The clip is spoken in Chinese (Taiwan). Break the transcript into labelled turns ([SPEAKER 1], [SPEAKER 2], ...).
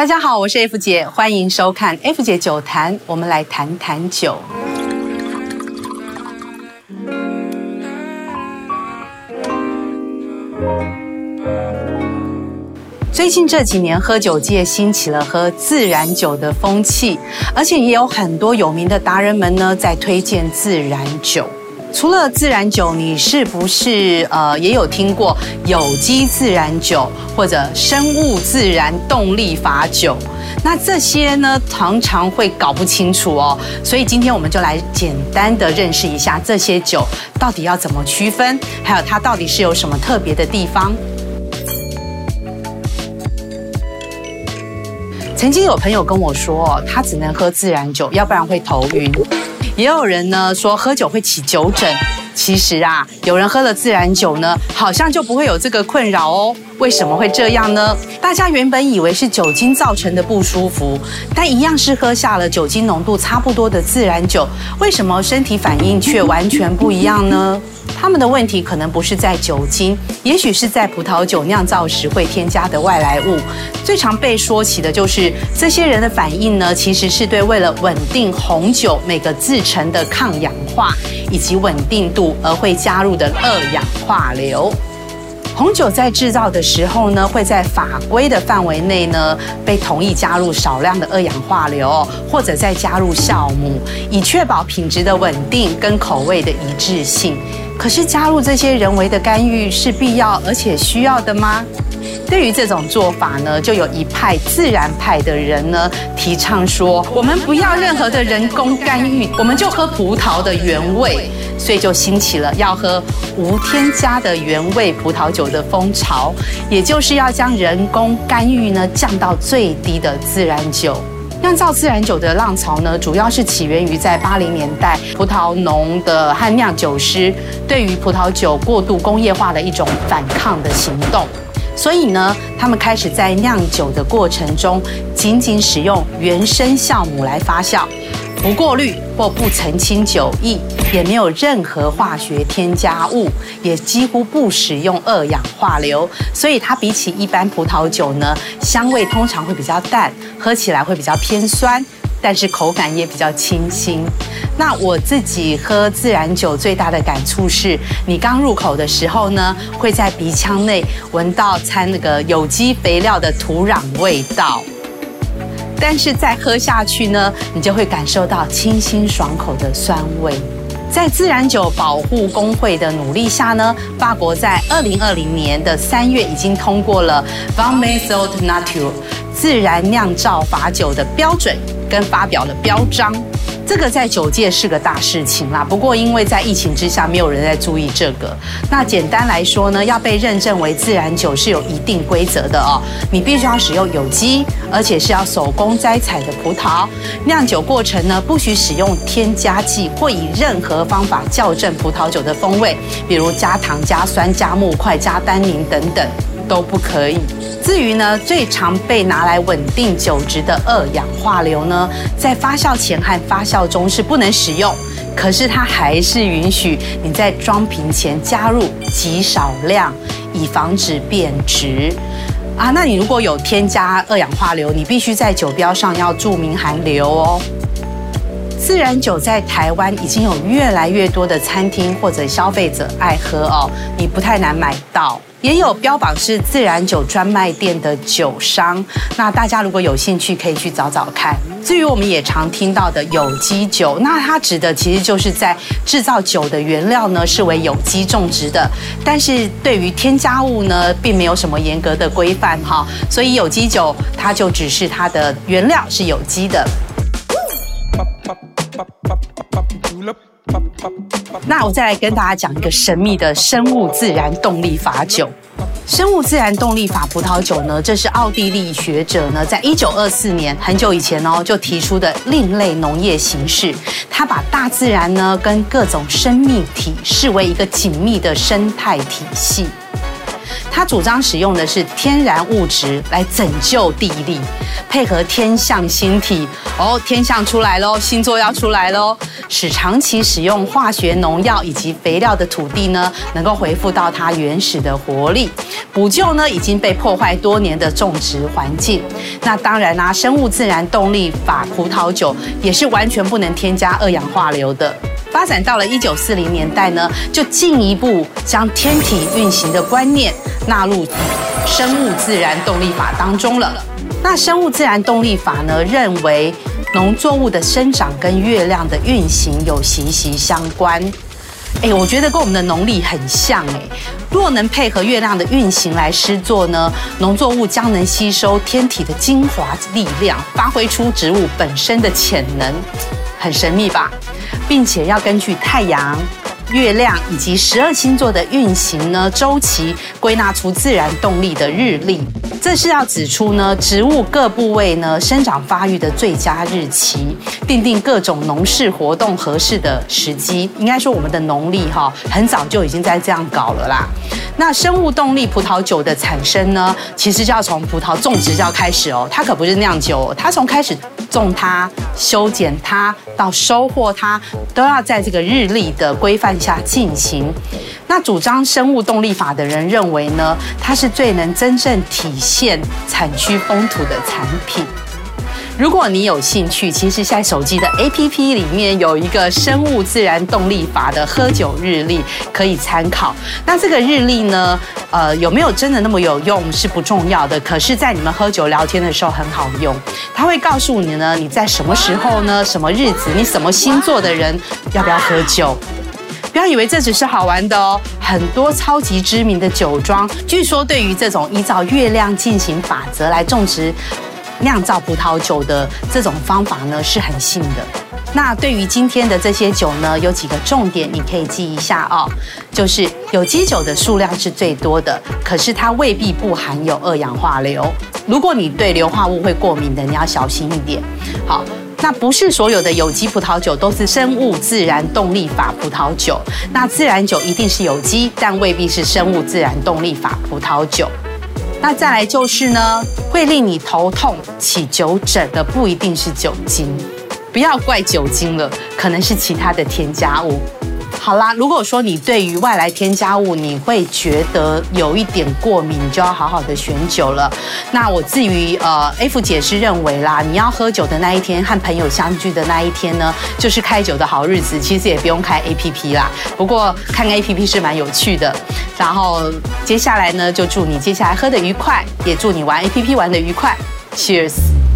[SPEAKER 1] 大家好，我是 F 姐，歡迎收看 F 姐酒罈。我們來談談酒。最近這幾年，喝酒界興起了喝自然酒的風氣，而且也有很多有名的達人們呢，在推薦自然酒。除了自然酒，你是不是呃也有聽過有機自然酒或者生物自然動力法酒？那這些呢，常常會搞不清楚哦。所以今天我們就來簡單的認識一下這些酒到底要怎麼區分，還有它到底是有什麼特別的地方。曾經有朋友跟我說哦，他只能喝自然酒，要不然會頭暈。也有人呢說喝酒會起酒疹。其實啊，有人喝了自然酒呢，好像就不會有這個困擾哦。為什麼會這樣呢？大家原本以為是酒精造成的不舒服，但一樣是喝下了酒精濃度差不多的自然酒，為什麼身體反應卻完全不一樣呢？他們的問題可能不是在酒精，也許是在葡萄酒釀造時會添加的外來物。最常被說起的就是這些人的反應呢，其實是對為了穩定紅酒每個制成的抗氧化。以及穩定度而會加入的二氧化硫，紅酒在製造的時候呢，會在法規的範圍內呢，被同意加入少量的二氧化硫，或者再加入酵母，以確保品質的穩定跟口味的一致性。可是加入這些人為的干預是必要而且需要的嗎？對於這種做法呢，就有一派自然派的人呢，提倡說我們不要任何的人工干預，我們就喝葡萄的原味，所以就興起了要喝無添加的原味葡萄酒的風潮，也就是要將人工干預呢降到最低的自然酒。釀造自然酒的浪潮呢，主要是起源於在八零年代，葡萄農的和釀酒師對於葡萄酒過度工業化的一種反抗的行動。所以呢，他們開始在釀酒的過程中，僅僅使用原生酵母來發酵，不過濾或不澄清酒液，也沒有任何化學添加物，也幾乎不使用二氧化硫。所以它比起一般葡萄酒呢，香味通常會比較淡，喝起來會比較偏酸。但是口感也比較清新。那我自己喝自然酒最大的感觸是，你剛入口的時候呢，會在鼻腔內聞到摻那個有機肥料的土壤味道。但是再喝下去呢，你就會感受到清新爽口的酸味。在自然酒保護工會的努力下呢，法國在二零二零年的三月已經通過了 Vin Méthode Nature 自然釀造法酒的標準。跟發表了標章，這個在酒界是個大事情啦。不過因為在疫情之下，沒有人在注意這個。那簡單來說呢，要被認證為自然酒是有一定規則的哦。你必須要使用有機，而且是要手工摘採的葡萄。釀酒過程呢，不許使用添加劑或以任何方法校正葡萄酒的風味，比如加糖、加酸、加木塊、加單寧等等。都不可以。至於呢，最常被拿來穩定酒質的二氧化硫呢，在發酵前和發酵中是不能使用，可是它還是允許你在裝瓶前加入極少量，以防止變質。啊，那你如果有添加二氧化硫，你必須在酒標上要注明含硫哦。自然酒在台灣已經有越來越多的餐廳或者消費者愛喝哦，你不太難買到。也有標榜是自然酒專賣店的酒商，那大家如果有興趣，可以去找找看。至於我們也常聽到的有機酒，那它指的其實就是在制造酒的原料呢是為有機種植的，但是對於添加物呢並沒有什麼嚴格的規範哈，所以有機酒它就只是它的原料是有機的。那我再來跟大家講一個神秘的生物自然動力法酒，生物自然動力法葡萄酒呢，這是奧地利學者呢在一九二四年很久以前哦就提出的另類農業形式，它把大自然呢跟各種生命體視為一個緊密的生態體系。他主張使用的是天然物質來拯救地力，配合天象星體。哦，天象出來咯，星座要出來咯，使長期使用化學農藥以及肥料的土地呢，能夠恢復到它原始的活力，補救呢，已經被破壞多年的種植環境。那當然啦，啊，生物自然動力法葡萄酒也是完全不能添加二氧化硫的。發展到了一九四零年代呢，就進一步將天體運行的觀念納入生物自然動力法當中了。那生物自然動力法呢，認為農作物的生長跟月亮的運行有息息相關。哎、欸，我覺得跟我們的農曆很像哎、欸。若能配合月亮的運行來施作呢，農作物將能吸收天體的精華力量，發揮出植物本身的潛能。很神秘吧，並且要根據太陽、月亮以及十二星座的運行呢，周期，歸納出自然動力的日曆。這是要指出呢，植物各部位呢，生長發育的最佳日期，訂定各種農事活動合適的時機。應該說我們的農曆哈，很早就已經在這樣搞了啦。那生物動力葡萄酒的產生呢，其實就要從葡萄種植就要開始哦，它可不是釀酒哦，它從開始。種它、修剪它，到收穫它，都要在這個日曆的規範下進行。那主張生物動力法的人認為呢，它是最能真正體現產區風土的產品。如果你有興趣，其實現在手機的 APP 裡面有一個生物自然動力法的喝酒日曆可以參考。那這個日曆呢，呃，有沒有真的那麼有用是不重要的，可是，在你們喝酒聊天的時候很好用。它會告訴你呢，你在什麼時候呢，什麼日子，你什麼星座的人要不要喝酒？不要以為這只是好玩的哦，很多超級知名的酒莊，據說對於這種依照月亮進行法則來種植。釀造葡萄酒的這種方法呢，是很新的。那對於今天的這些酒呢，有幾個重點你可以記一下哦。就是有機酒的數量是最多的，可是它未必不含有二氧化硫。如果你對硫化物會過敏的，你要小心一點。好，那不是所有的有機葡萄酒都是生物自然動力法葡萄酒。那自然酒一定是有機，但未必是生物自然動力法葡萄酒。那再來就是呢。會令你頭痛、起酒疹的不一定是酒精，不要怪酒精了，可能是其他的添加物。好啦，如果說你對於外來添加物你會覺得有一點過敏，你就要好好的選酒了。那我至於呃、，F 姐是認為啦，你要喝酒的那一天和朋友相聚的那一天呢，就是開酒的好日子。其實也不用開 APP 啦，不過看個 APP 是蠻有趣的。然後接下來呢，就祝你接下來喝得愉快，也祝你玩 APP 玩得愉快，Cheers。